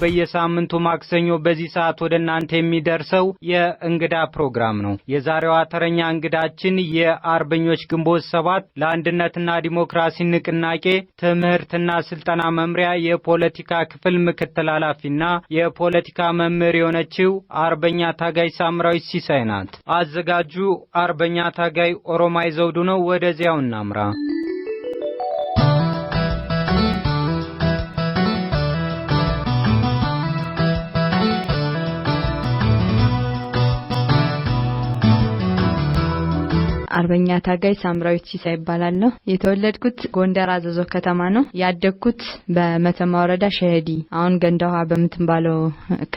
በየሳምንቱ ማክሰኞ በዚህ ሰዓት ወደ እናንተ የሚደርሰው የእንግዳ ፕሮግራም ነው። የዛሬዋ ተረኛ እንግዳችን የአርበኞች ግንቦት ሰባት ለአንድነትና ዲሞክራሲ ንቅናቄ ትምህርትና ስልጠና መምሪያ የፖለቲካ ክፍል ምክትል ኃላፊና የፖለቲካ መምህር የሆነችው አርበኛ ታጋይ ሳምራዊ ሲሳይ ናት። አዘጋጁ አርበኛ ታጋይ ኦሮማይ ዘውዱ ነው። ወደዚያው እናምራ። አርበኛ ታጋይ ሳምራዊት ሲሳ ይባላለሁ። የተወለድኩት ጎንደር አዘዞ ከተማ ነው። ያደግኩት በመተማ ወረዳ ሸህዲ አሁን ገንዳ ውሃ በምትባለው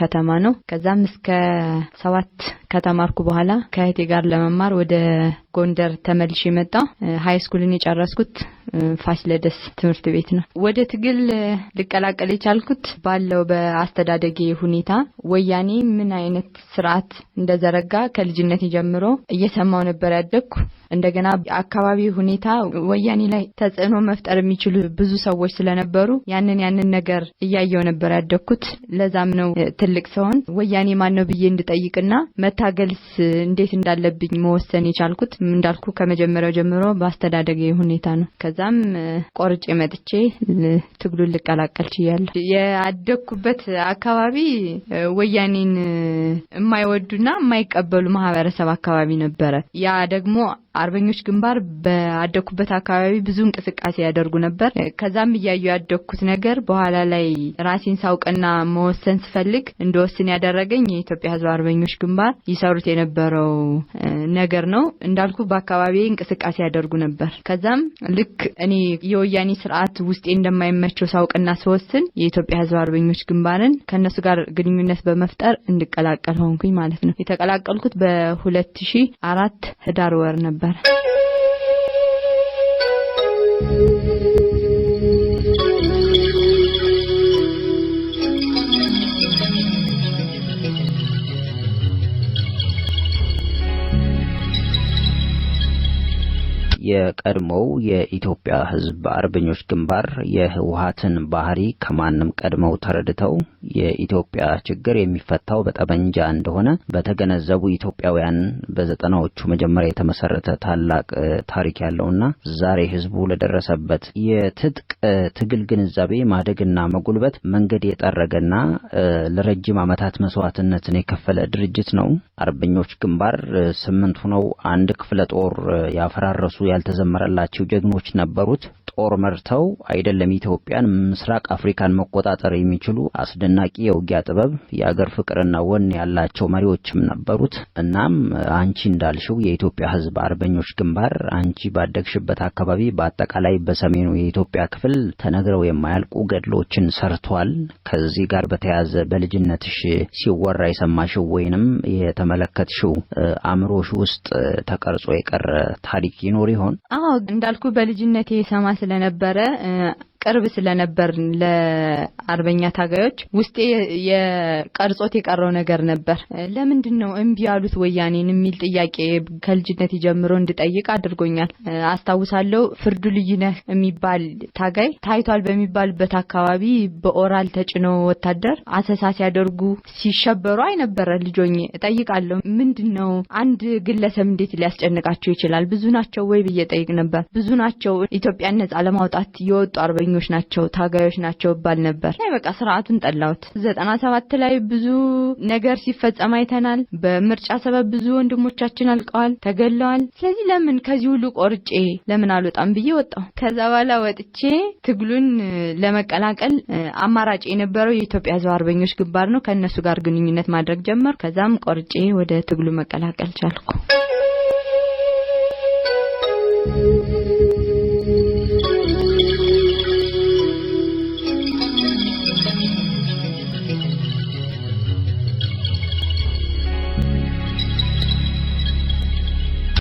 ከተማ ነው። ከዛም እስከ ሰባት ከተማርኩ በኋላ ከእህቴ ጋር ለመማር ወደ ጎንደር ተመልሼ መጣ። ሀይ ስኩልን የጨረስኩት ፋሲለደስ ትምህርት ቤት ነው። ወደ ትግል ልቀላቀል የቻልኩት ባለው በአስተዳደጌ ሁኔታ ወያኔ ምን አይነት ስርዓት እንደዘረጋ ከልጅነት ጀምሮ እየሰማው ነበር ያደግኩ። እንደገና የአካባቢ ሁኔታ ወያኔ ላይ ተጽዕኖ መፍጠር የሚችሉ ብዙ ሰዎች ስለነበሩ ያንን ያንን ነገር እያየው ነበር ያደግኩት። ለዛም ነው ትልቅ ሰሆን ወያኔ ማን ነው ብዬ እንድጠይቅና መታገልስ እንዴት እንዳለብኝ መወሰን የቻልኩት እንዳልኩ ከመጀመሪያው ጀምሮ በአስተዳደገ ሁኔታ ነው። ከዛም ቆርጬ መጥቼ ትግሉን ልቀላቀል ችያለሁ። ያደግኩበት አካባቢ ወያኔን የማይወዱና የማይቀበሉ ማህበረሰብ አካባቢ ነበረ። ያ ደግሞ አርበኞች ግንባር በአደኩበት አካባቢ ብዙ እንቅስቃሴ ያደርጉ ነበር። ከዛም እያዩ ያደኩት ነገር በኋላ ላይ ራሴን ሳውቅና መወሰን ስፈልግ እንደወስን ያደረገኝ የኢትዮጵያ ሕዝብ አርበኞች ግንባር ይሰሩት የነበረው ነገር ነው። እንዳልኩ በአካባቢ እንቅስቃሴ ያደርጉ ነበር። ከዛም ልክ እኔ የወያኔ ስርዓት ውስጤ እንደማይመቸው ሳውቅና ስወስን የኢትዮጵያ ሕዝብ አርበኞች ግንባርን ከእነሱ ጋር ግንኙነት በመፍጠር እንድቀላቀል ሆንኩኝ ማለት ነው። የተቀላቀልኩት በሁለት ሺ አራት ህዳር ወር ነበር። Bárbara. የቀድሞው የኢትዮጵያ ሕዝብ አርበኞች ግንባር የህወሀትን ባህሪ ከማንም ቀድመው ተረድተው የኢትዮጵያ ችግር የሚፈታው በጠመንጃ እንደሆነ በተገነዘቡ ኢትዮጵያውያን በዘጠናዎቹ መጀመሪያ የተመሰረተ ታላቅ ታሪክ ያለውና ዛሬ ህዝቡ ለደረሰበት የትጥቅ ትግል ግንዛቤ ማደግና መጉልበት መንገድ የጠረገና ለረጅም ዓመታት መስዋዕትነትን የከፈለ ድርጅት ነው። አርበኞች ግንባር ስምንት ሆነው አንድ ክፍለ ጦር ያፈራረሱ ያልተዘመረላቸው ጀግኖች ነበሩት። ጦር መርተው አይደለም ኢትዮጵያን፣ ምስራቅ አፍሪካን መቆጣጠር የሚችሉ አስደናቂ የውጊያ ጥበብ፣ የአገር ፍቅርና ወን ያላቸው መሪዎችም ነበሩት። እናም አንቺ እንዳልሽው የኢትዮጵያ ሕዝብ አርበኞች ግንባር አንቺ ባደግሽበት አካባቢ፣ በአጠቃላይ በሰሜኑ የኢትዮጵያ ክፍል ተነግረው የማያልቁ ገድሎችን ሰርቷል። ከዚህ ጋር በተያያዘ በልጅነትሽ ሲወራ የሰማሽው ወይንም የተመለከትሽው አእምሮሽ ውስጥ ተቀርጾ የቀረ ታሪክ ይኖር ይሆን? አሁን? አዎ እንዳልኩ በልጅነቴ ሰማ ስለነበረ ቅርብ ስለነበር ለአርበኛ ታጋዮች ውስጤ የቀርጾት የቀረው ነገር ነበር። ለምንድን ነው እምቢ ያሉት ወያኔን የሚል ጥያቄ ከልጅነት ጀምሮ እንድጠይቅ አድርጎኛል። አስታውሳለሁ ፍርዱ ልዩነህ የሚባል ታጋይ ታይቷል በሚባልበት አካባቢ በኦራል ተጭኖ ወታደር አሰሳ ሲያደርጉ ሲሸበሩ አይነበረ ልጆኜ እጠይቃለሁ። ምንድን ነው አንድ ግለሰብ እንዴት ሊያስጨንቃቸው ይችላል? ብዙ ናቸው ወይ ብዬ ጠይቅ ነበር። ብዙ ናቸው ኢትዮጵያን ነጻ ለማውጣት የወጡ አርበኞ ሰልፈኞች ናቸው፣ ታጋዮች ናቸው ይባል ነበር። ላይ በቃ ስርዓቱን ጠላሁት። ዘጠና ሰባት ላይ ብዙ ነገር ሲፈጸም አይተናል። በምርጫ ሰበብ ብዙ ወንድሞቻችን አልቀዋል፣ ተገለዋል። ስለዚህ ለምን ከዚህ ሁሉ ቆርጬ ለምን አልወጣም ብዬ ወጣሁ። ከዛ በኋላ ወጥቼ ትግሉን ለመቀላቀል አማራጭ የነበረው የኢትዮጵያ ሕዝብ አርበኞች ግንባር ነው። ከእነሱ ጋር ግንኙነት ማድረግ ጀመር። ከዛም ቆርጬ ወደ ትግሉ መቀላቀል ቻልኩ።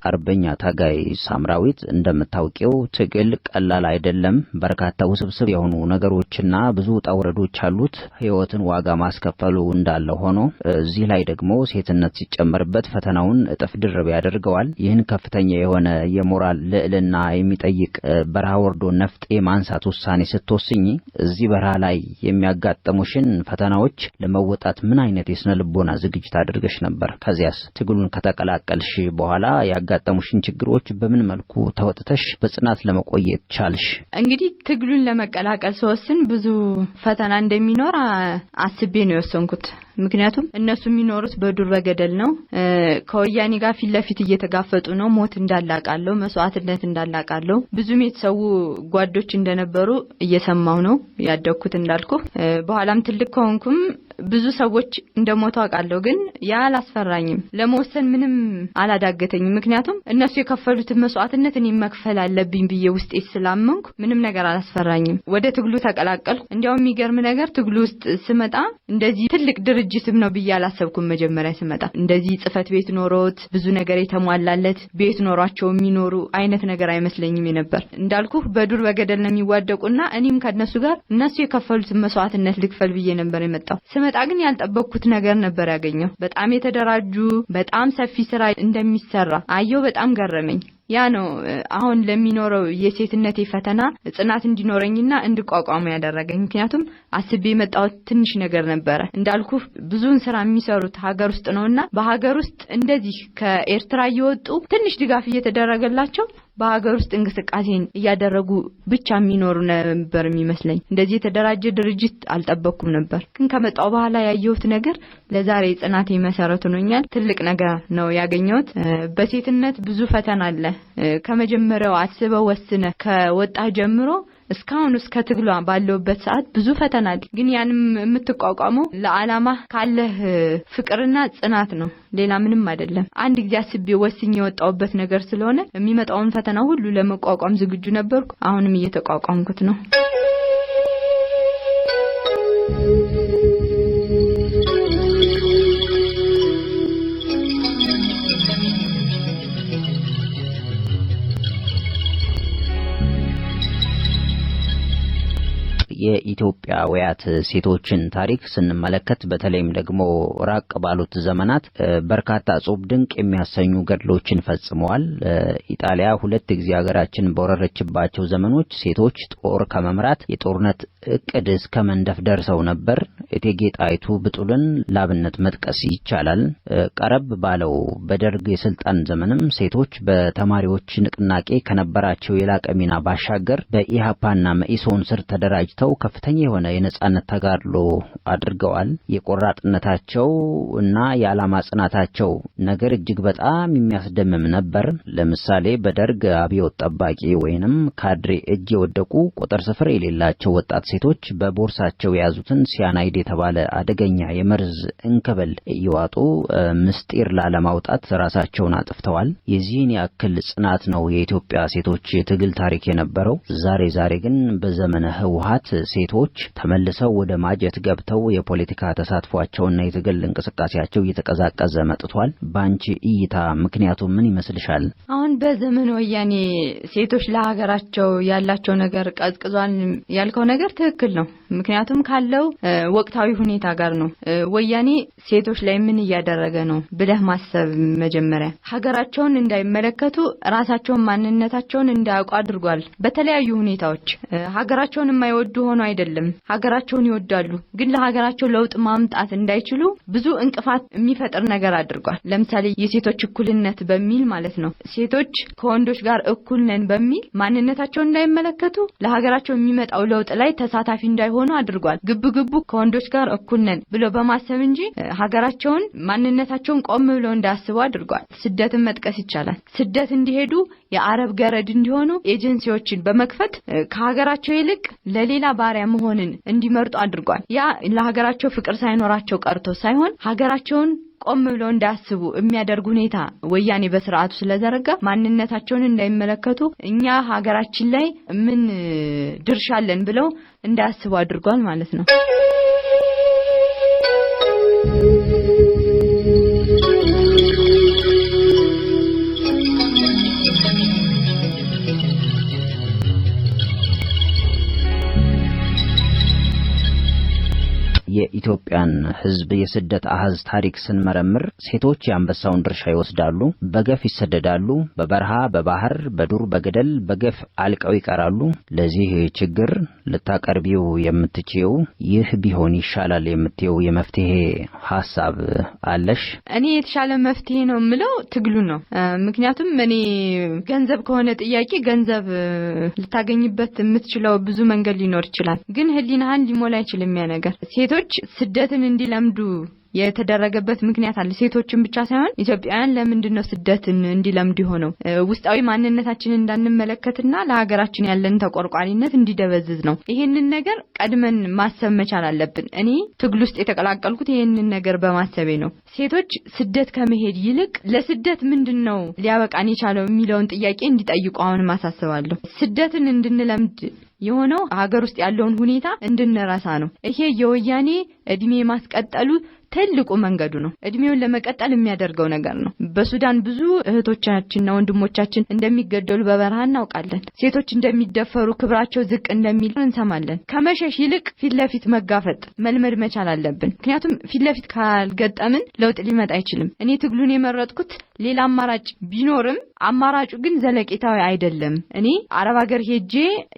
አርበኛ ታጋይ ሳምራዊት እንደምታውቂው ትግል ቀላል አይደለም። በርካታ ውስብስብ የሆኑ ነገሮችና ብዙ ውጣ ውረዶች አሉት። ህይወትን ዋጋ ማስከፈሉ እንዳለ ሆኖ እዚህ ላይ ደግሞ ሴትነት ሲጨመርበት ፈተናውን እጥፍ ድርብ ያደርገዋል። ይህን ከፍተኛ የሆነ የሞራል ልዕልና የሚጠይቅ በረሃ ወርዶ ነፍጤ ማንሳት ውሳኔ ስትወስኝ እዚህ በረሃ ላይ የሚያጋጥሙሽን ፈተናዎች ለመወጣት ምን አይነት የስነ ልቦና ዝግጅት አድርገሽ ነበር? ከዚያስ ትግሉን ከተቀላቀልሽ በኋላ ያጋ ያጋጠሙሽን ችግሮች በምን መልኩ ተወጥተሽ በጽናት ለመቆየት ቻልሽ? እንግዲህ ትግሉን ለመቀላቀል ስወስን ብዙ ፈተና እንደሚኖር አስቤ ነው የወሰንኩት። ምክንያቱም እነሱ የሚኖሩት በዱር በገደል ነው። ከወያኔ ጋር ፊት ለፊት እየተጋፈጡ ነው። ሞት እንዳላቃለው፣ መስዋዕትነት እንዳላቃለው ብዙም የተሰዉ ጓዶች እንደነበሩ እየሰማው ነው ያደግኩት እንዳልኩ በኋላም ትልቅ ከሆንኩም ብዙ ሰዎች እንደሞቱ አውቃለሁ፣ ግን ያ አላስፈራኝም። ለመወሰን ምንም አላዳገተኝም። ምክንያቱም እነሱ የከፈሉትን መስዋዕትነት እኔ መክፈል አለብኝ ብዬ ውስጤ ስላመንኩ ምንም ነገር አላስፈራኝም። ወደ ትግሉ ተቀላቀልኩ። እንዲያውም የሚገርም ነገር ትግሉ ውስጥ ስመጣ እንደዚህ ትልቅ ድርጅትም ነው ብዬ አላሰብኩም። መጀመሪያ ስመጣ እንደዚህ ጽህፈት ቤት ኖሮት ብዙ ነገር የተሟላለት ቤት ኖሯቸው የሚኖሩ አይነት ነገር አይመስለኝም የነበር። እንዳልኩ በዱር በገደል ነው የሚዋደቁና እኔም ከነሱ ጋር እነሱ የከፈሉትን መስዋዕትነት ልክፈል ብዬ ነበር የመጣው። ስመጣ ግን ያልጠበቅኩት ነገር ነበር ያገኘው። በጣም የተደራጁ በጣም ሰፊ ስራ እንደሚሰራ አየሁ። በጣም ገረመኝ። ያ ነው አሁን ለሚኖረው የሴትነቴ ፈተና ጽናት እንዲኖረኝና እንድቋቋሙ ያደረገኝ። ምክንያቱም አስቤ የመጣሁት ትንሽ ነገር ነበረ። እንዳልኩ ብዙውን ስራ የሚሰሩት ሀገር ውስጥ ነውና በሀገር ውስጥ እንደዚህ ከኤርትራ እየወጡ ትንሽ ድጋፍ እየተደረገላቸው በሀገር ውስጥ እንቅስቃሴን እያደረጉ ብቻ የሚኖሩ ነበር የሚመስለኝ። እንደዚህ የተደራጀ ድርጅት አልጠበቅኩም ነበር። ግን ከመጣው በኋላ ያየሁት ነገር ለዛሬ ጽናቴ መሰረት ሆኖኛል። ትልቅ ነገር ነው ያገኘሁት። በሴትነት ብዙ ፈተና አለ። ከመጀመሪያው አስበው ወስነ ከወጣ ጀምሮ እስካሁን እስከ ትግሏ ባለውበት ሰዓት ብዙ ፈተና አለ። ግን ያንም የምትቋቋመው ለዓላማ ካለህ ፍቅርና ጽናት ነው። ሌላ ምንም አይደለም። አንድ ጊዜ አስቤ ወስኜ የወጣውበት ነገር ስለሆነ የሚመጣውን ፈተና ሁሉ ለመቋቋም ዝግጁ ነበርኩ። አሁንም እየተቋቋምኩት ነው። የኢትዮጵያውያት ሴቶችን ታሪክ ስንመለከት በተለይም ደግሞ ራቅ ባሉት ዘመናት በርካታ ጽሁፍ ድንቅ የሚያሰኙ ገድሎችን ፈጽመዋል። ኢጣሊያ ሁለት ጊዜ ሀገራችን በወረረችባቸው ዘመኖች ሴቶች ጦር ከመምራት የጦርነት እቅድ እስከ መንደፍ ደርሰው ነበር። እቴጌ ጣይቱ ብጡልን ላብነት መጥቀስ ይቻላል። ቀረብ ባለው በደርግ የስልጣን ዘመንም ሴቶች በተማሪዎች ንቅናቄ ከነበራቸው የላቀ ሚና ባሻገር በኢህአፓና መኢሶን ስር ተደራጅተው ከፍተኛ የሆነ የነጻነት ተጋድሎ አድርገዋል። የቆራጥነታቸው እና የዓላማ ጽናታቸው ነገር እጅግ በጣም የሚያስደምም ነበር። ለምሳሌ በደርግ አብዮት ጠባቂ ወይንም ካድሬ እጅ የወደቁ ቁጥር ስፍር የሌላቸው ወጣት ሴቶች በቦርሳቸው የያዙትን ሲያናይድ የተባለ አደገኛ የመርዝ እንክብል እየዋጡ ምስጢር ላለማውጣት ራሳቸውን አጥፍተዋል። የዚህን ያክል ጽናት ነው የኢትዮጵያ ሴቶች የትግል ታሪክ የነበረው። ዛሬ ዛሬ ግን በዘመነ ህወሀት ሴቶች ተመልሰው ወደ ማጀት ገብተው የፖለቲካ ተሳትፏቸውና የትግል እንቅስቃሴያቸው እየተቀዛቀዘ መጥቷል። በአንቺ እይታ ምክንያቱ ምን ይመስልሻል? አሁን በዘመን ወያኔ ሴቶች ለሀገራቸው ያላቸው ነገር ቀዝቅዟል ያልከው ነገር ትክክል ነው። ምክንያቱም ካለው ወቅታዊ ሁኔታ ጋር ነው። ወያኔ ሴቶች ላይ ምን እያደረገ ነው ብለህ ማሰብ መጀመሪያ ሀገራቸውን እንዳይመለከቱ ራሳቸውን ማንነታቸውን እንዳያውቁ አድርጓል። በተለያዩ ሁኔታዎች ሀገራቸውን የማይወዱ ሆኖ አይደለም። ሀገራቸውን ይወዳሉ፣ ግን ለሀገራቸው ለውጥ ማምጣት እንዳይችሉ ብዙ እንቅፋት የሚፈጥር ነገር አድርጓል። ለምሳሌ የሴቶች እኩልነት በሚል ማለት ነው። ሴቶች ከወንዶች ጋር እኩል ነን በሚል ማንነታቸውን እንዳይመለከቱ ለሀገራቸው የሚመጣው ለውጥ ላይ ተሳታፊ እንዳይሆኑ አድርጓል። ግብ ግቡ ከወንዶች ጋር እኩል ነን ብሎ በማሰብ እንጂ ሀገራቸውን ማንነታቸውን ቆም ብለው እንዳያስቡ አድርጓል። ስደትን መጥቀስ ይቻላል። ስደት እንዲሄዱ የአረብ ገረድ እንዲሆኑ ኤጀንሲዎችን በመክፈት ከሀገራቸው ይልቅ ለሌላ ባሪያ ባሪያ መሆንን እንዲመርጡ አድርጓል። ያ ለሀገራቸው ፍቅር ሳይኖራቸው ቀርቶ ሳይሆን ሀገራቸውን ቆም ብለው እንዳያስቡ የሚያደርግ ሁኔታ ወያኔ በስርዓቱ ስለዘረጋ ማንነታቸውን እንዳይመለከቱ እኛ ሀገራችን ላይ ምን ድርሻ አለን ብለው እንዳያስቡ አድርጓል ማለት ነው። የኢትዮጵያን ሕዝብ የስደት አህዝ ታሪክ ስንመረምር ሴቶች የአንበሳውን ድርሻ ይወስዳሉ፣ በገፍ ይሰደዳሉ፣ በበረሃ በባህር በዱር በገደል በገፍ አልቀው ይቀራሉ። ለዚህ ችግር ልታቀርቢው የምትችው ይህ ቢሆን ይሻላል የምትየው የመፍትሄ ሀሳብ አለሽ? እኔ የተሻለ መፍትሄ ነው የምለው ትግሉ ነው። ምክንያቱም እኔ ገንዘብ ከሆነ ጥያቄ ገንዘብ ልታገኝበት የምትችለው ብዙ መንገድ ሊኖር ይችላል፣ ግን ህሊናህን ሊሞላ አይችልም ያ ነገር። ሴቶች ስደትን እንዲለምዱ የተደረገበት ምክንያት አለ። ሴቶችን ብቻ ሳይሆን ኢትዮጵያውያን ለምንድን ነው ስደትን እንዲለምድ የሆነው? ውስጣዊ ማንነታችንን እንዳንመለከትና ለሀገራችን ያለን ተቆርቋሪነት እንዲደበዝዝ ነው። ይህንን ነገር ቀድመን ማሰብ መቻል አለብን። እኔ ትግል ውስጥ የተቀላቀልኩት ይህንን ነገር በማሰቤ ነው። ሴቶች ስደት ከመሄድ ይልቅ ለስደት ምንድን ነው ሊያበቃን የቻለው የሚለውን ጥያቄ እንዲጠይቁ አሁንም አሳስባለሁ። ስደትን እንድንለምድ የሆነው ሀገር ውስጥ ያለውን ሁኔታ እንድንረሳ ነው። ይሄ የወያኔ እድሜ ማስቀጠሉ ትልቁ መንገዱ ነው። እድሜውን ለመቀጠል የሚያደርገው ነገር ነው። በሱዳን ብዙ እህቶቻችንና ወንድሞቻችን እንደሚገደሉ በበረሃ እናውቃለን። ሴቶች እንደሚደፈሩ፣ ክብራቸው ዝቅ እንደሚል እንሰማለን። ከመሸሽ ይልቅ ፊት ለፊት መጋፈጥ መልመድ መቻል አለብን። ምክንያቱም ፊት ለፊት ካልገጠምን ለውጥ ሊመጣ አይችልም። እኔ ትግሉን የመረጥኩት ሌላ አማራጭ ቢኖርም አማራጩ ግን ዘለቄታዊ አይደለም። እኔ አረብ ሀገር ሄጄ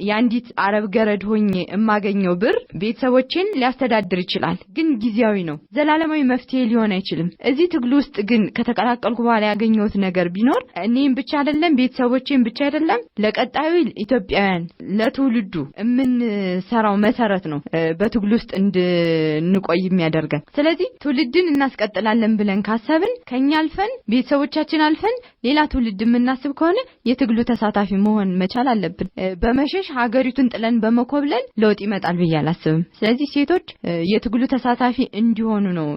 የአንዲት አረብ ገረድ ሆኜ የማገኘው ብር ቤተሰቦቼን ሊያስተዳድር ይችላል፣ ግን ጊዜያዊ ነው። ዘላለማዊ መፍትሄ ሊሆን አይችልም። እዚህ ትግል ውስጥ ግን ከተቀላቀልኩ በኋላ ያገኘሁት ነገር ቢኖር እኔም ብቻ አይደለም፣ ቤተሰቦቼን ብቻ አይደለም፣ ለቀጣዩ ኢትዮጵያውያን ለትውልዱ የምንሰራው መሰረት ነው በትግል ውስጥ እንድንቆይ የሚያደርገን። ስለዚህ ትውልድን እናስቀጥላለን ብለን ካሰብን ከኛ አልፈን ቤተሰቦ ከቤተሰቦቻችን አልፈን ሌላ ትውልድ የምናስብ ከሆነ የትግሉ ተሳታፊ መሆን መቻል አለብን። በመሸሽ ሀገሪቱን ጥለን በመኮብለል ለውጥ ይመጣል ብዬ አላስብም። ስለዚህ ሴቶች የትግሉ ተሳታፊ እንዲሆኑ ነው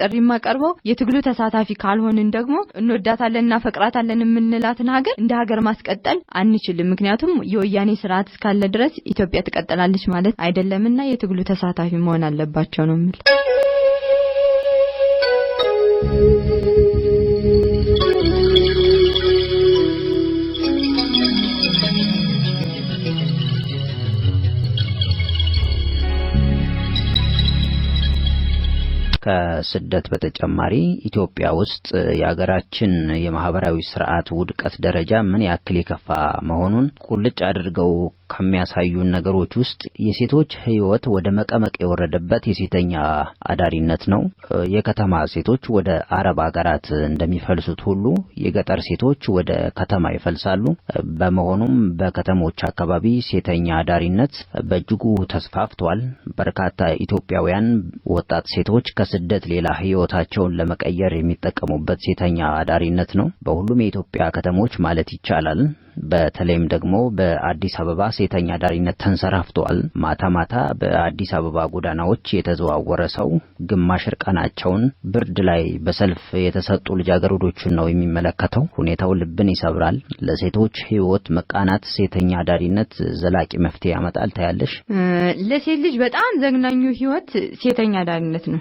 ጥሪ የማቀርበው። የትግሉ ተሳታፊ ካልሆንን ደግሞ እንወዳታለን ፈቅራታለን የምንላትን ሀገር እንደ ሀገር ማስቀጠል አንችልም። ምክንያቱም የወያኔ ስርዓት እስካለ ድረስ ኢትዮጵያ ትቀጥላለች ማለት አይደለምና የትግሉ ተሳታፊ መሆን አለባቸው ነው የምል ከስደት በተጨማሪ ኢትዮጵያ ውስጥ የሀገራችን የማህበራዊ ስርዓት ውድቀት ደረጃ ምን ያክል የከፋ መሆኑን ቁልጭ አድርገው ከሚያሳዩን ነገሮች ውስጥ የሴቶች ህይወት ወደ መቀመቅ የወረደበት የሴተኛ አዳሪነት ነው። የከተማ ሴቶች ወደ አረብ ሀገራት እንደሚፈልሱት ሁሉ የገጠር ሴቶች ወደ ከተማ ይፈልሳሉ። በመሆኑም በከተሞች አካባቢ ሴተኛ አዳሪነት በእጅጉ ተስፋፍቷል። በርካታ ኢትዮጵያውያን ወጣት ሴቶች ከስደት ሌላ ህይወታቸውን ለመቀየር የሚጠቀሙበት ሴተኛ አዳሪነት ነው። በሁሉም የኢትዮጵያ ከተሞች ማለት ይቻላል በተለይም ደግሞ በአዲስ አበባ ሴተኛ አዳሪነት ተንሰራፍቷል። ማታ ማታ በአዲስ አበባ ጎዳናዎች የተዘዋወረ ሰው ግማሽ እርቃናቸውን ብርድ ላይ በሰልፍ የተሰጡ ልጃገረዶችን ነው የሚመለከተው። ሁኔታው ልብን ይሰብራል። ለሴቶች ሕይወት መቃናት ሴተኛ አዳሪነት ዘላቂ መፍትሄ ያመጣል ታያለሽ? ለሴት ልጅ በጣም ዘግናኙ ሕይወት ሴተኛ አዳሪነት ነው።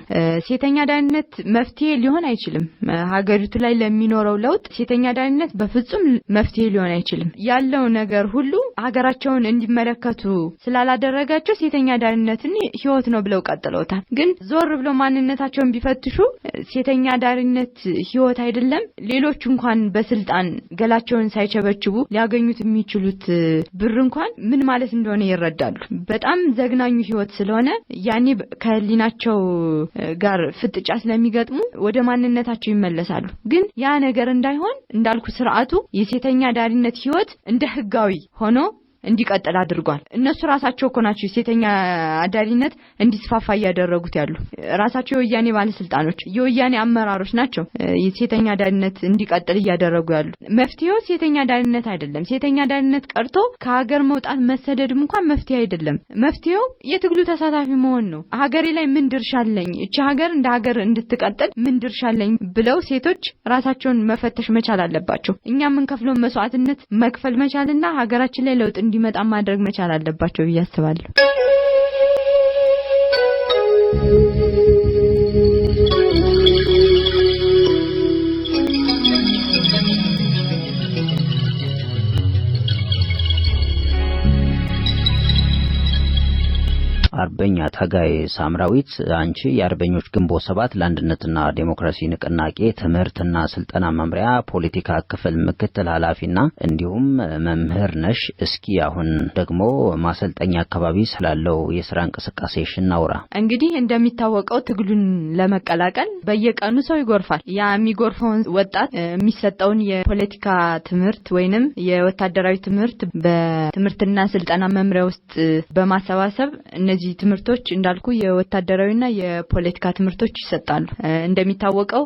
ሴተኛ አዳሪነት መፍትሄ ሊሆን አይችልም። ሀገሪቱ ላይ ለሚኖረው ለውጥ ሴተኛ አዳሪነት በፍጹም መፍትሄ ሊሆን አይችልም። አይችልም። ያለው ነገር ሁሉ ሀገራቸውን እንዲመለከቱ ስላላደረጋቸው ሴተኛ ዳሪነትን ህይወት ነው ብለው ቀጥለውታል። ግን ዞር ብለው ማንነታቸውን ቢፈትሹ ሴተኛ ዳርነት ህይወት አይደለም፣ ሌሎች እንኳን በስልጣን ገላቸውን ሳይቸበችቡ ሊያገኙት የሚችሉት ብር እንኳን ምን ማለት እንደሆነ ይረዳሉ። በጣም ዘግናኙ ህይወት ስለሆነ ያኔ ከህሊናቸው ጋር ፍጥጫ ስለሚገጥሙ ወደ ማንነታቸው ይመለሳሉ። ግን ያ ነገር እንዳይሆን እንዳልኩ ስርዓቱ የሴተኛ ዳሪነት ሕይወት እንደ ህጋዊ ሆኖ እንዲቀጥል አድርጓል። እነሱ ራሳቸው እኮ ናቸው የሴተኛ አዳሪነት እንዲስፋፋ እያደረጉት ያሉ ራሳቸው የወያኔ ባለስልጣኖች፣ የወያኔ አመራሮች ናቸው የሴተኛ አዳሪነት እንዲቀጥል እያደረጉ ያሉ። መፍትሄው ሴተኛ አዳሪነት አይደለም። ሴተኛ አዳሪነት ቀርቶ ከሀገር መውጣት መሰደድም እንኳን መፍትሄ አይደለም። መፍትሄው የትግሉ ተሳታፊ መሆን ነው። ሀገሬ ላይ ምን ድርሻ አለኝ፣ እቺ ሀገር እንደ ሀገር እንድትቀጥል ምን ድርሻ አለኝ ብለው ሴቶች ራሳቸውን መፈተሽ መቻል አለባቸው። እኛ የምንከፍለውን መስዋዕትነት መክፈል መቻልና ሀገራችን ላይ ለውጥ እንዲመጣ ማድረግ መቻል አለባቸው ብዬ አስባለሁ። አርበኛ ታጋይ ሳምራዊት አንቺ የአርበኞች ግንቦት ሰባት ለአንድነትና ዴሞክራሲ ንቅናቄ ትምህርትና ስልጠና መምሪያ ፖለቲካ ክፍል ምክትል ኃላፊና እንዲሁም መምህር ነሽ። እስኪ አሁን ደግሞ ማሰልጠኛ አካባቢ ስላለው የስራ እንቅስቃሴ ሽናውራ እንግዲህ እንደሚታወቀው ትግሉን ለመቀላቀል በየቀኑ ሰው ይጎርፋል። ያ የሚጎርፈውን ወጣት የሚሰጠውን የፖለቲካ ትምህርት ወይንም የወታደራዊ ትምህርት በትምህርትና ስልጠና መምሪያ ውስጥ በማሰባሰብ እነዚህ እነዚህ ትምህርቶች እንዳልኩ የወታደራዊና የፖለቲካ ትምህርቶች ይሰጣሉ። እንደሚታወቀው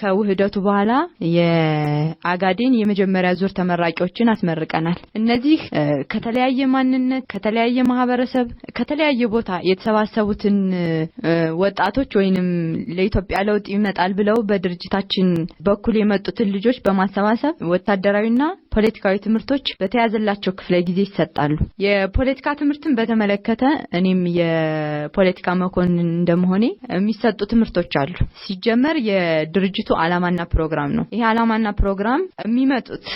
ከውህደቱ በኋላ የአጋዴን የመጀመሪያ ዙር ተመራቂዎችን አስመርቀናል። እነዚህ ከተለያየ ማንነት፣ ከተለያየ ማህበረሰብ፣ ከተለያየ ቦታ የተሰባሰቡትን ወጣቶች ወይንም ለኢትዮጵያ ለውጥ ይመጣል ብለው በድርጅታችን በኩል የመጡትን ልጆች በማሰባሰብ ወታደራዊና ፖለቲካዊ ትምህርቶች በተያዘላቸው ክፍለ ጊዜ ይሰጣሉ። የፖለቲካ ትምህርትን በተመለከተ እኔም የፖለቲካ መኮንን እንደመሆኔ የሚሰጡ ትምህርቶች አሉ። ሲጀመር የድርጅቱ ዓላማና ፕሮግራም ነው። ይሄ ዓላማና ፕሮግራም የሚመጡት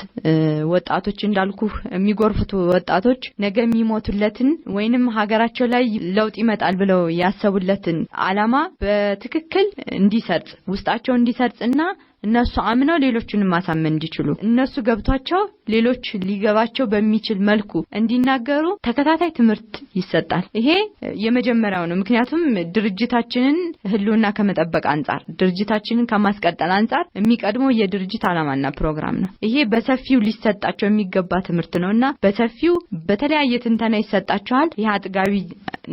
ወጣቶች እንዳልኩ የሚጎርፉት ወጣቶች ነገ የሚሞቱለትን ወይንም ሀገራቸው ላይ ለውጥ ይመጣል ብለው ያሰቡለትን ዓላማ በትክክል እንዲሰርጽ ውስጣቸው እንዲሰርጽና እነሱ አምነው ሌሎቹንም ማሳመን እንዲችሉ እነሱ ገብቷቸው ሌሎች ሊገባቸው በሚችል መልኩ እንዲናገሩ ተከታታይ ትምህርት ይሰጣል። ይሄ የመጀመሪያው ነው። ምክንያቱም ድርጅታችንን ሕልውና ከመጠበቅ አንጻር፣ ድርጅታችንን ከማስቀጠል አንጻር የሚቀድመው የድርጅት ዓላማና ፕሮግራም ነው። ይሄ በሰፊው ሊሰጣቸው የሚገባ ትምህርት ነው እና በሰፊው በተለያየ ትንተና ይሰጣቸዋል። ይህ አጥጋቢ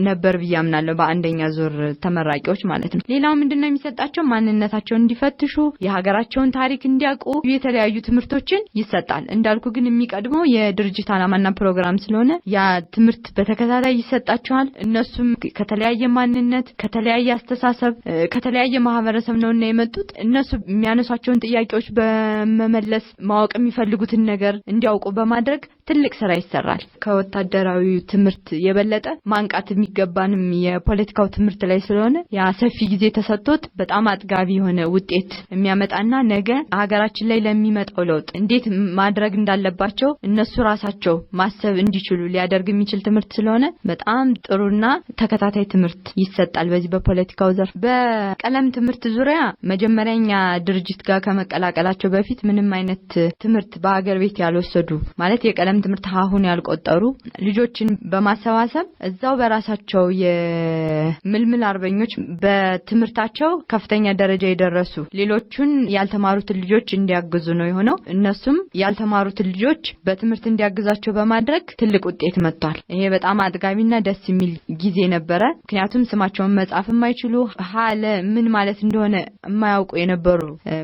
ነበር ብዬ አምናለሁ። በአንደኛ ዙር ተመራቂዎች ማለት ነው። ሌላው ምንድነው የሚሰጣቸው ማንነታቸውን እንዲፈትሹ፣ የሀገራቸውን ታሪክ እንዲያውቁ የተለያዩ ትምህርቶችን ይሰጣል። እንዳልኩ ግን የሚቀድመው የድርጅት አላማና ፕሮግራም ስለሆነ ያ ትምህርት በተከታታይ ይሰጣቸዋል። እነሱም ከተለያየ ማንነት፣ ከተለያየ አስተሳሰብ፣ ከተለያየ ማህበረሰብ ነውና የመጡት እነሱ የሚያነሷቸውን ጥያቄዎች በመመለስ ማወቅ የሚፈልጉትን ነገር እንዲያውቁ በማድረግ ትልቅ ስራ ይሰራል። ከወታደራዊ ትምህርት የበለጠ ማንቃት የሚገባንም የፖለቲካው ትምህርት ላይ ስለሆነ ያ ሰፊ ጊዜ ተሰጥቶት በጣም አጥጋቢ የሆነ ውጤት የሚያመጣና ነገ ሀገራችን ላይ ለሚመጣው ለውጥ እንዴት ማድረግ እንዳለባቸው እነሱ ራሳቸው ማሰብ እንዲችሉ ሊያደርግ የሚችል ትምህርት ስለሆነ በጣም ጥሩና ተከታታይ ትምህርት ይሰጣል በዚህ በፖለቲካው ዘርፍ። በቀለም ትምህርት ዙሪያ መጀመሪያኛ ድርጅት ጋር ከመቀላቀላቸው በፊት ምንም አይነት ትምህርት በሀገር ቤት ያልወሰዱ ማለት የቀለም ከዓለም ትምህርት አሁን ያልቆጠሩ ልጆችን በማሰባሰብ እዛው በራሳቸው የምልምል አርበኞች በትምህርታቸው ከፍተኛ ደረጃ የደረሱ ሌሎቹን ያልተማሩትን ልጆች እንዲያግዙ ነው የሆነው። እነሱም ያልተማሩትን ልጆች በትምህርት እንዲያግዛቸው በማድረግ ትልቅ ውጤት መጥቷል። ይሄ በጣም አጥጋቢና ደስ የሚል ጊዜ ነበረ። ምክንያቱም ስማቸውን መጻፍ የማይችሉ ሀለ ምን ማለት እንደሆነ የማያውቁ የነበሩ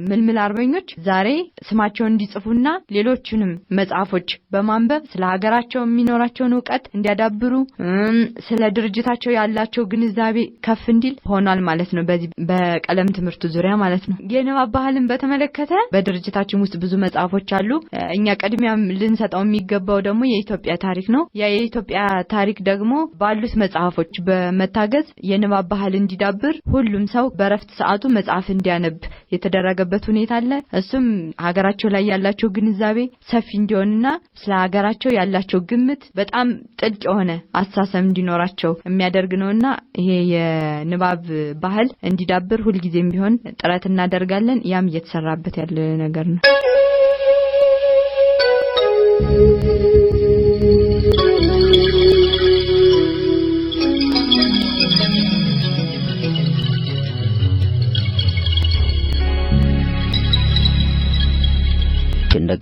ምልምል አርበኞች ዛሬ ስማቸውን እንዲጽፉና ሌሎቹንም መጽሐፎች በማ በማንበብ ስለ ሀገራቸው የሚኖራቸውን እውቀት እንዲያዳብሩ ስለ ድርጅታቸው ያላቸው ግንዛቤ ከፍ እንዲል ሆኗል ማለት ነው። በዚህ በቀለም ትምህርቱ ዙሪያ ማለት ነው። የንባብ ባህልን በተመለከተ በድርጅታችን ውስጥ ብዙ መጽሐፎች አሉ። እኛ ቅድሚያ ልንሰጠው የሚገባው ደግሞ የኢትዮጵያ ታሪክ ነው። ያ የኢትዮጵያ ታሪክ ደግሞ ባሉት መጽሐፎች በመታገዝ የንባብ ባህል እንዲዳብር ሁሉም ሰው በረፍት ሰዓቱ መጽሐፍ እንዲያነብ የተደረገበት ሁኔታ አለ። እሱም ሀገራቸው ላይ ያላቸው ግንዛቤ ሰፊ እንዲሆንና ስለ ለሀገራቸው ያላቸው ግምት በጣም ጥልቅ የሆነ አስተሳሰብ እንዲኖራቸው የሚያደርግ ነውና ይሄ የንባብ ባህል እንዲዳብር ሁልጊዜም ቢሆን ጥረት እናደርጋለን። ያም እየተሰራበት ያለ ነገር ነው።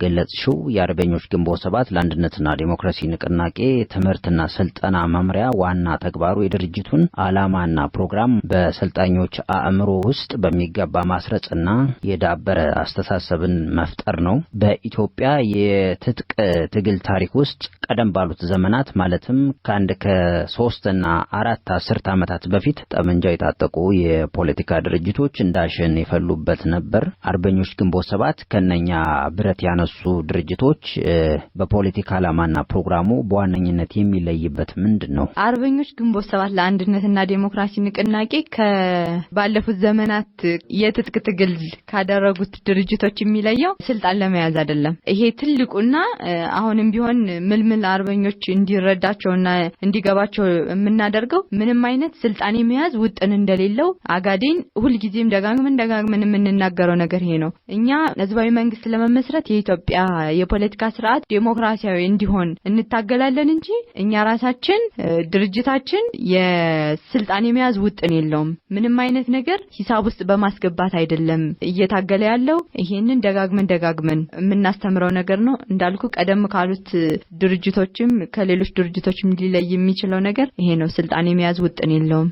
የገለጽሽው የአርበኞች ግንቦት ሰባት ለአንድነትና ዴሞክራሲ ንቅናቄ ትምህርትና ስልጠና መምሪያ ዋና ተግባሩ የድርጅቱን ዓላማና ፕሮግራም በሰልጣኞች አእምሮ ውስጥ በሚገባ ማስረጽና የዳበረ አስተሳሰብን መፍጠር ነው። በኢትዮጵያ የትጥቅ ትግል ታሪክ ውስጥ ቀደም ባሉት ዘመናት ማለትም ከአንድ ከሶስትና አራት አስርት ዓመታት በፊት ጠመንጃ የታጠቁ የፖለቲካ ድርጅቶች እንዳሸን የፈሉበት ነበር። አርበኞች ግንቦት ሰባት ከነኛ ብረት ያነሱ የተነሱ ድርጅቶች በፖለቲካ ዓላማና ፕሮግራሙ በዋነኝነት የሚለይበት ምንድን ነው? አርበኞች ግንቦት ሰባት ለአንድነትና ዴሞክራሲ ንቅናቄ ከባለፉት ዘመናት የትጥቅ ትግል ካደረጉት ድርጅቶች የሚለየው ስልጣን ለመያዝ አይደለም። ይሄ ትልቁና አሁንም ቢሆን ምልምል አርበኞች እንዲረዳቸውና እንዲገባቸው የምናደርገው ምንም አይነት ስልጣን የመያዝ ውጥን እንደሌለው አጋዴን ሁልጊዜም ደጋግመን ደጋግመን የምንናገረው ነገር ይሄ ነው። እኛ ህዝባዊ መንግስት ለመመስረት የኢትዮ የኢትዮጵያ የፖለቲካ ስርዓት ዴሞክራሲያዊ እንዲሆን እንታገላለን እንጂ እኛ ራሳችን ድርጅታችን የስልጣን የመያዝ ውጥን የለውም። ምንም አይነት ነገር ሂሳብ ውስጥ በማስገባት አይደለም እየታገለ ያለው። ይሄንን ደጋግመን ደጋግመን የምናስተምረው ነገር ነው። እንዳልኩ ቀደም ካሉት ድርጅቶችም ከሌሎች ድርጅቶችም ሊለይ የሚችለው ነገር ይሄ ነው። ስልጣን የመያዝ ውጥን የለውም።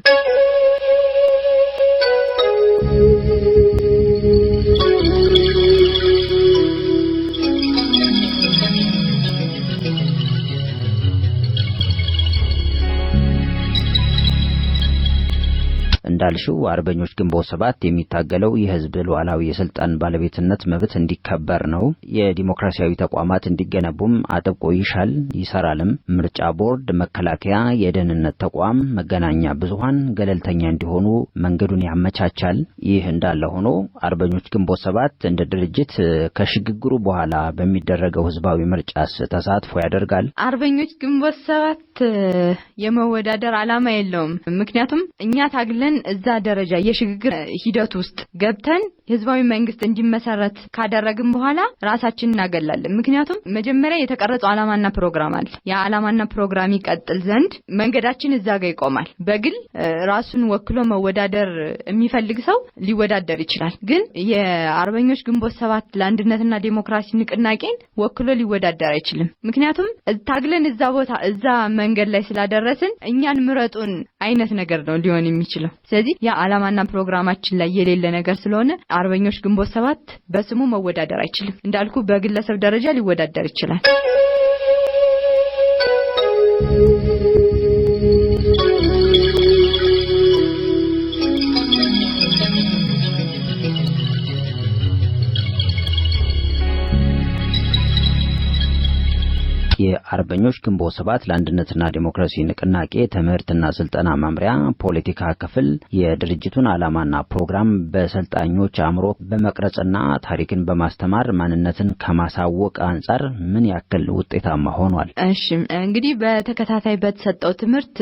እንዳልሽው አርበኞች ግንቦት ሰባት የሚታገለው የህዝብ ሉዓላዊ የስልጣን ባለቤትነት መብት እንዲከበር ነው። የዲሞክራሲያዊ ተቋማት እንዲገነቡም አጥብቆ ይሻል ይሰራልም። ምርጫ ቦርድ፣ መከላከያ፣ የደህንነት ተቋም፣ መገናኛ ብዙሀን ገለልተኛ እንዲሆኑ መንገዱን ያመቻቻል። ይህ እንዳለ ሆኖ አርበኞች ግንቦት ሰባት እንደ ድርጅት ከሽግግሩ በኋላ በሚደረገው ህዝባዊ ምርጫስ ተሳትፎ ያደርጋል። አርበኞች ግንቦት ሰባት የመወዳደር አላማ የለውም። ምክንያቱም እኛ ታግለን እዛ ደረጃ የሽግግር ሂደት ውስጥ ገብተን ህዝባዊ መንግስት እንዲመሰረት ካደረግን በኋላ ራሳችን እናገላለን። ምክንያቱም መጀመሪያ የተቀረጸው ዓላማና ፕሮግራም አለ። ያ አላማና ፕሮግራም ይቀጥል ዘንድ መንገዳችን እዛ ጋ ይቆማል። በግል ራሱን ወክሎ መወዳደር የሚፈልግ ሰው ሊወዳደር ይችላል። ግን የአርበኞች ግንቦት ሰባት ለአንድነትና ዴሞክራሲ ንቅናቄን ወክሎ ሊወዳደር አይችልም። ምክንያቱም ታግለን እዛ ቦታ እዛ መንገድ ላይ ስላደረስን እኛን ምረጡን አይነት ነገር ነው ሊሆን የሚችለው። ስለዚህ ስለዚህ ያ ፕሮግራማችን ላይ የሌለ ነገር ስለሆነ አርበኞች ግንቦት ሰባት በስሙ መወዳደር አይችልም። እንዳልኩ በግለሰብ ደረጃ ሊወዳደር ይችላል። የአርበኞች ግንቦት ሰባት ለአንድነትና ዲሞክራሲ ንቅናቄ ትምህርትና ስልጠና መምሪያ ፖለቲካ ክፍል የድርጅቱን ዓላማና ፕሮግራም በሰልጣኞች አእምሮ በመቅረጽና ታሪክን በማስተማር ማንነትን ከማሳወቅ አንጻር ምን ያክል ውጤታማ ሆኗል? እሺ እንግዲህ በተከታታይ በተሰጠው ትምህርት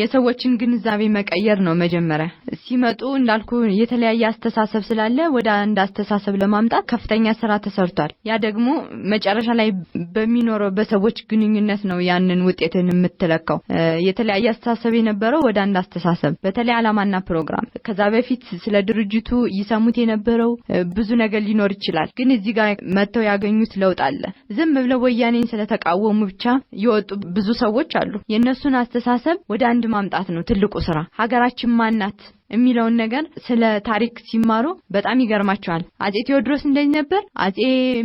የሰዎችን ግንዛቤ መቀየር ነው። መጀመሪያ ሲመጡ እንዳልኩ የተለያየ አስተሳሰብ ስላለ ወደ አንድ አስተሳሰብ ለማምጣት ከፍተኛ ስራ ተሰርቷል። ያ ደግሞ መጨረሻ ላይ በሚኖረው በሰዎች ግንኙነት ነው ያንን ውጤትን የምትለካው። የተለያየ አስተሳሰብ የነበረው ወደ አንድ አስተሳሰብ በተለይ አላማና ፕሮግራም ከዛ በፊት ስለ ድርጅቱ ይሰሙት የነበረው ብዙ ነገር ሊኖር ይችላል። ግን እዚህ ጋር መጥተው ያገኙት ለውጥ አለ። ዝም ብለው ወያኔን ስለተቃወሙ ብቻ የወጡ ብዙ ሰዎች አሉ። የእነሱን አስተሳሰብ ወደ አንድ ማምጣት ነው ትልቁ ስራ። ሀገራችን ማናት የሚለውን ነገር ስለ ታሪክ ሲማሩ በጣም ይገርማቸዋል። አጼ ቴዎድሮስ እንደዚህ ነበር፣ አጼ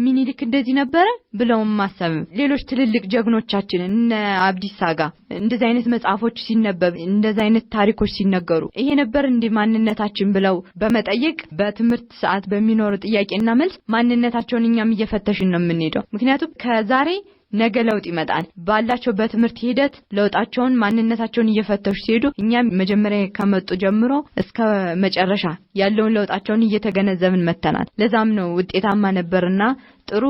ሚኒሊክ እንደዚህ ነበረ ብለውም ማሰብ ሌሎች ትልልቅ ጀግኖቻችን እነ አብዲሳ ጋ እንደዚህ አይነት መጽሐፎች ሲነበብ እንደዚህ አይነት ታሪኮች ሲነገሩ ይሄ ነበር እንዲ ማንነታችን ብለው በመጠየቅ በትምህርት ሰዓት በሚኖሩ ጥያቄና መልስ ማንነታቸውን እኛም እየፈተሽን ነው የምንሄደው። ምክንያቱም ከዛሬ ነገ ለውጥ ይመጣል። ባላቸው በትምህርት ሂደት ለውጣቸውን ማንነታቸውን እየፈተሹ ሲሄዱ እኛም መጀመሪያ ከመጡ ጀምሮ እስከ መጨረሻ ያለውን ለውጣቸውን እየተገነዘብን መተናል። ለዛም ነው ውጤታማ ነበርና ጥሩ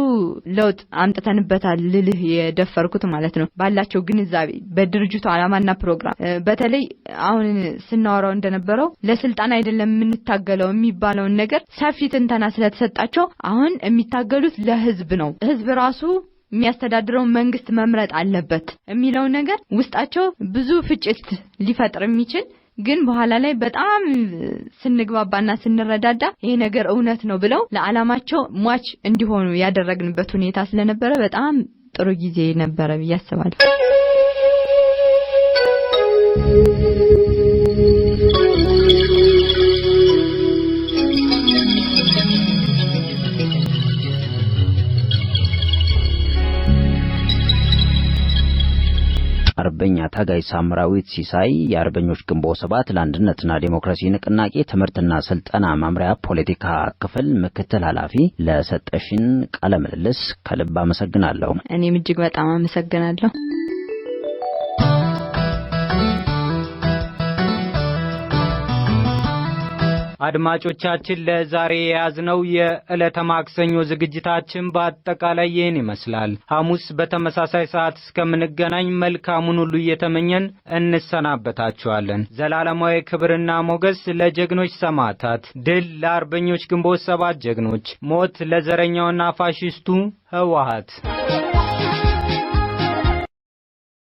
ለውጥ አምጥተንበታል ልልህ የደፈርኩት ማለት ነው። ባላቸው ግንዛቤ በድርጅቱ ዓላማና ፕሮግራም በተለይ አሁን ስናወራው እንደነበረው ለስልጣን አይደለም የምንታገለው የሚባለውን ነገር ሰፊ ትንተና ስለተሰጣቸው አሁን የሚታገሉት ለህዝብ ነው። ህዝብ ራሱ የሚያስተዳድረው መንግስት መምረጥ አለበት የሚለው ነገር ውስጣቸው ብዙ ፍጭት ሊፈጥር የሚችል ግን በኋላ ላይ በጣም ስንግባባና ስንረዳዳ ይሄ ነገር እውነት ነው ብለው ለዓላማቸው ሟች እንዲሆኑ ያደረግንበት ሁኔታ ስለነበረ በጣም ጥሩ ጊዜ ነበረ ብዬ አስባለሁ። የአርበኛ ታጋይ ሳምራዊት ሲሳይ የአርበኞች ግንቦት ሰባት ለአንድነትና ዴሞክራሲ ንቅናቄ ትምህርትና ስልጠና መምሪያ ፖለቲካ ክፍል ምክትል ኃላፊ ለሰጠሽን ቃለ ምልልስ ከልብ አመሰግናለሁ። እኔም እጅግ በጣም አመሰግናለሁ። አድማጮቻችን ለዛሬ የያዝነው የዕለተ ማክሰኞ ዝግጅታችን በአጠቃላይ ይህን ይመስላል። ሐሙስ በተመሳሳይ ሰዓት እስከምንገናኝ መልካሙን ሁሉ እየተመኘን እንሰናበታችኋለን። ዘላለማዊ ክብርና ሞገስ ለጀግኖች ሰማዕታት፣ ድል ለአርበኞች ግንቦት ሰባት ጀግኖች፣ ሞት ለዘረኛውና ፋሽስቱ ህወሀት